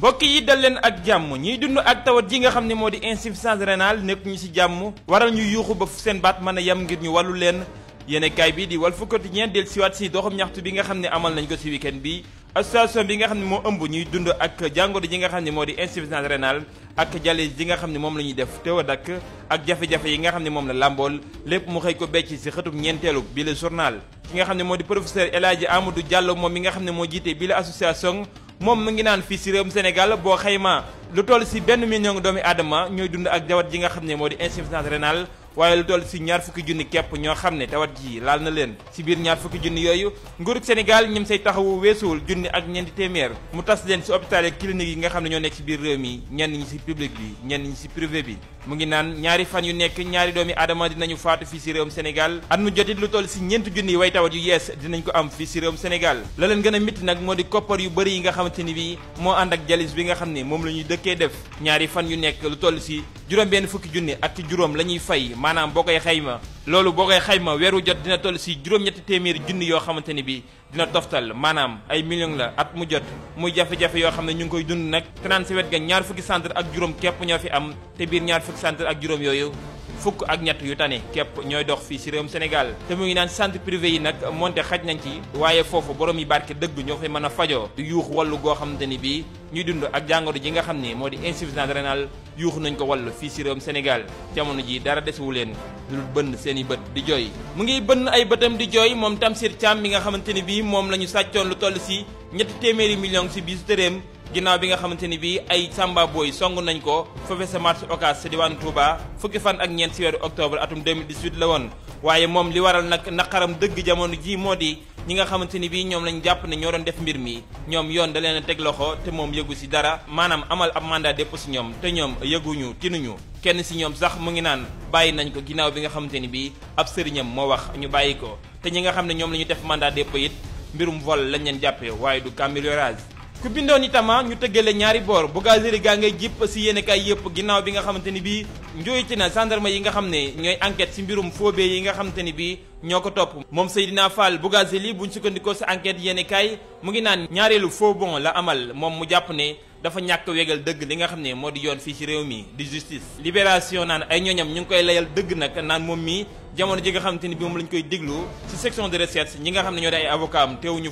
mbokk yi dal leen ak jàmm ñiy dund ak tawat ji nga xam ne moo di insuffisance rénale nekk ñu ci jàmm waral ñu yuuxu ba seen baat mën a yem ngir ñu wàllu leen yéenekaay bi di Walf Quotidien del siwaat si doxam ñaxtu bi nga xam ne amal nañ ko ci week-end bi association bi nga xam ne moo ëmb ñuy dund ak jàngoro ji nga xam ne moo di insuffisance rénale ak dialyse ji nga xam ne moom la ñuy def teew a dakk ak jafe-jafe yi nga xam ne moom la làmbool lépp mu xëy ko becc ci xëtum ñeenteelu bi le journal ki nga xam ne moo di professeur El Hadji Amadou Diallo moom mi nga xam ne moo jiite bi la association moom mu ngi naan fii si réewum Sénégal boo xayma lu toll si benn million doomi aadama ñooy dund ak jawat ji nga xam ne moo di insuffisance rénale waaye lu toll si ñaar fukki junni képp ñoo xam ne tawat ji laal na leen si biir ñaar fukki junni yooyu nguurug Sénégal ñim say taxawu weesuwul junni ak ñeenti téeméer mu tas leen si hôpital yi clinique yi nga xam ne ñoo nekk si biir réew mi ñenn ñi si public bi ñenn ñi si privé bi mu ngi naan ñaari fan yu nekk ñaari doomi aadama dinañu faatu fii si réew Sénégal at mu jotit lu toll si ñeenti junni way tawat yu yees dinañ ko am fii si réewum Sénégal la leen gën a mitti nag moo di koppar yu bëri yi nga xamante ni bi moo ànd ak jalis bi nga xam ne moom la ñuy dëkkee def ñaari fan yu nekk lu toll si juróom benn fukki junni ak ci juróom la ñuy fay maanaam boo koy xayma loolu boo koy xayma weeru jot dina toll si juróom-ñetti téeméeri junni yoo xamante ni bi dina toftal maanaam ay millions la at mu jot muy jafe-jafe yoo xam ne ñu ngi koy dund nag te naan si wet ga ñaar fukki centre ak juróom kepp ñoo fi am te biir ñaar fukki centre ak juróom yooyu fukk ak ñett yu tane képp ñooy dox fii si réewum Sénégal te mu ngi naan centre privé yi nag moonte xaj nañ ci waaye foofu borom yi barke dëgg ñoo fay mën a fajoo yuux wallu goo xamante ni bii ñuy dund ak jàngoro ji nga xam ne moo di insuffisance rénale yuuxu nañ ko wàllu fii si réewum Sénégal jamono ji dara desewu leen lu bënn seen i bët di jooy mu ngi bënn ay bëtam di jooy moom Tamsir Thiam mi nga xamante ni bii moom la ñu sàccoon lu toll si ñett téeméeri million si bisu tëréem ginnaaw bi nga xamante ni bii ay samba booy song nañ ko foofe sa marché Ocass sa diwaanu Touba fukki fan ak ñeent si weeru octobre atum 2018 la woon waaye moom li waral nag naqaram dëgg jamono ji moo di ñi nga xamante ni bii ñoom lañu jàpp ne ñoo doon def mbir mi ñoom yoon daleen leen a teg loxo te moom yëgu si dara maanaam amal ab mandat dépôt si ñoom te ñoom yëguñu tinuñu kenn si ñoom sax mu ngi naan bàyyi nañ ko ginnaaw bi nga xamante ni bii ab sëriñam moo wax ñu bàyyi ko te ñi nga xam ne ñoom la ñu def mandat dépôt it mbirum vol lañ leen jàppee waaye du cambriolage ku bindoon itama ñu tëggale ñaari boor Bougazelli gaa ngay jëpp si yéenekaay yëpp ginnaaw bi nga xamante ni bii njuuyti na gendarme yi nga xam ne ñooy enquête si mbirum foobee yi nga xamante ni bii ñoo ko topp moom Seydina Fall Bougazelli buñ sukkandikoo si enquête yéenekaay mu ngi naan ñaareelu faux la amal moom mu jàpp ne dafa ñàkk wegal dëgg li nga xam ne moo di yoon fii ci réew mi di justice libération naan ay ñooñam ñu ngi koy layal dëgg nag naan moom mii jamono ji nga xamante ni bi moom lañ koy diglu ci section de recherche ñi nga xam ne ñoo di ay avocat am teewuñu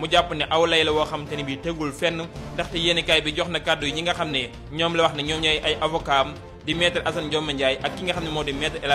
mu jàpp ne aw lay la woo xamante ni bi tegul fenn ndaxte yéenekaay bi jox na kàddu yi ñi nga xam ne ñoom la wax ne ñoom ñooy ay avocat am di maître Assane Dioma Ndiaye ak ki nga xam ne moo di maître El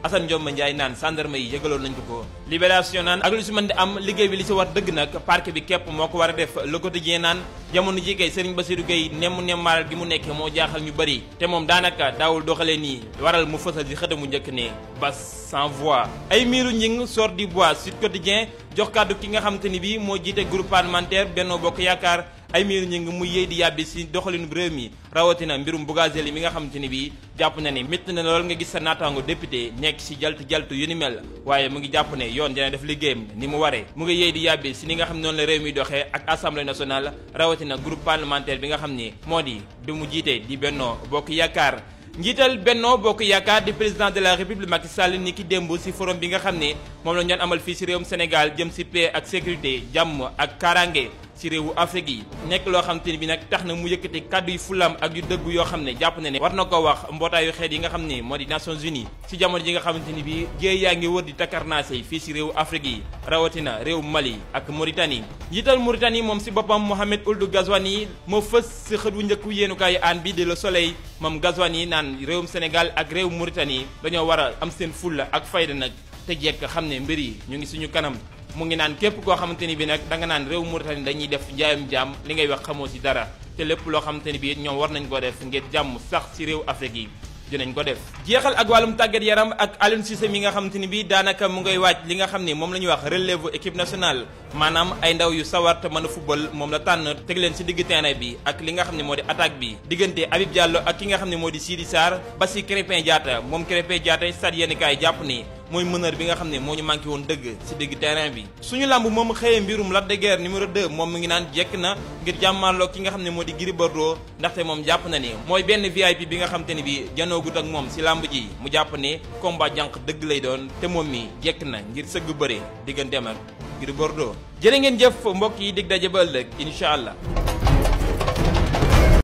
Assane Dioma Ndiaye naan gendarme yi yëgaloon nañ ko ko libération naan ak lu si mën di am liggéey bi li si war dëgg nag parquet bi képp moo ko war a def le quotidien naan jamono ji kay Serigne Bassirou Gueye nemm nemmaaral gi mu nekke moo jaaxal ñu bëri te moom daanaka daawul doxalee nii waral mu fësal si xëtamu njëkk ne bas sans voix ay miiru njing sort du bois Sud Quotidien jox kàddu ki nga xam te ni bi moo jiite groupe parlementaire Benno Bokk Yaakaar Aymérou Gningue muy yéy di yàbbi si doxalinu réew mi rawatina mbirum Bougazelli mi nga xamante ni bii jàpp na ni métti na lool nga gis sa naataango député nekk si jaltu jaltu yu ni mel waaye mu ngi jàpp ne yoon dina def liggéeyam ni mu waree mu ngi yéy di yàbbi si ni nga xam noonu la réew mi doxe ak assemblée nationale rawatina groupe parlementaire bi nga xam ni moo di bi mu jiitee di Bokk Yaakaar njiital Benno Bokk Yaakaar président de la république Macky Sall ni ki démb ci forum bi nga xam ne moom la ñu amal fii ci réewum Sénégal jëm ci paix ak sécurité jàmm ak kaaraange ci réewu Afrique yi nekk loo xam te ne bi nag tax na mu yëkkati kàddu yi fulaam ak yu dëgg yoo xam ne jàpp na ne war na ko wax mbootaayu xeet yi nga xam ne moo di Nations Unies ci jamono ji nga xamante ni bi géey yaa ngi wër di takarnaase fii ci réewu Afrique yi rawatina réewu Mali ak Mauritanie njiital moritani moom si boppam Mohamed Ould Ghazouani moo fës si xët wu njëkku yéenukaayu aan bi di Le Soleil moom Ghazouani naan réewum Sénégal ak réewu Mauritanie dañoo war a am seen fulla ak fayda nag te jekk xam ne mbir yi ñu ngi suñu kanam mu ngi naan képp koo xamante ni bi nag danga naan réew Mauritanie dañuy def njaayam jàmm li ngay wax xamoo ci dara te lépp loo xamante ni bi ñoom war nañ ko def ngir jàmm sax ci réew Afrique yi dinañ ko def jeexal ak wàllum tàggat yaram ak Aliou Cissé mi nga xamante ni bi daanaka mu ngay waaj li nga xam ni moom lañuy ñuy wax relève équipe nationale maanaam ay ndaw yu sawar te mën football moom la tànn teg leen ci digg terrain bi ak li nga xam ne moo di attaque bi diggante Habib Diallo ak ki nga xam ne moo di Sidi Sarr ba ci Krépin Diatta moom Krépin Diatta stade yéen kaay jàpp ni mooy meneur bi nga xam ne moo ñu manqué woon dëgg ci dëgg terrain bi suñu làmb moom xëyee mbirum Lac de Guiers numéro moom mi ngi naan jekk na ngir jàmmaarloo ki nga xam ne moo di Gris Bordeaux ndaxte moom jàpp na ne mooy benn VIP bi nga xam te ni bi janoogut ak moom ci làmb ji mu jàpp ne combat jànq dëgg lay doon te moom mi jekk na ngir sëgg bëre digganteem ak Gris Bordeaux jërë ngeen jëf mbokk yi dig daje ba ëllëg incha allah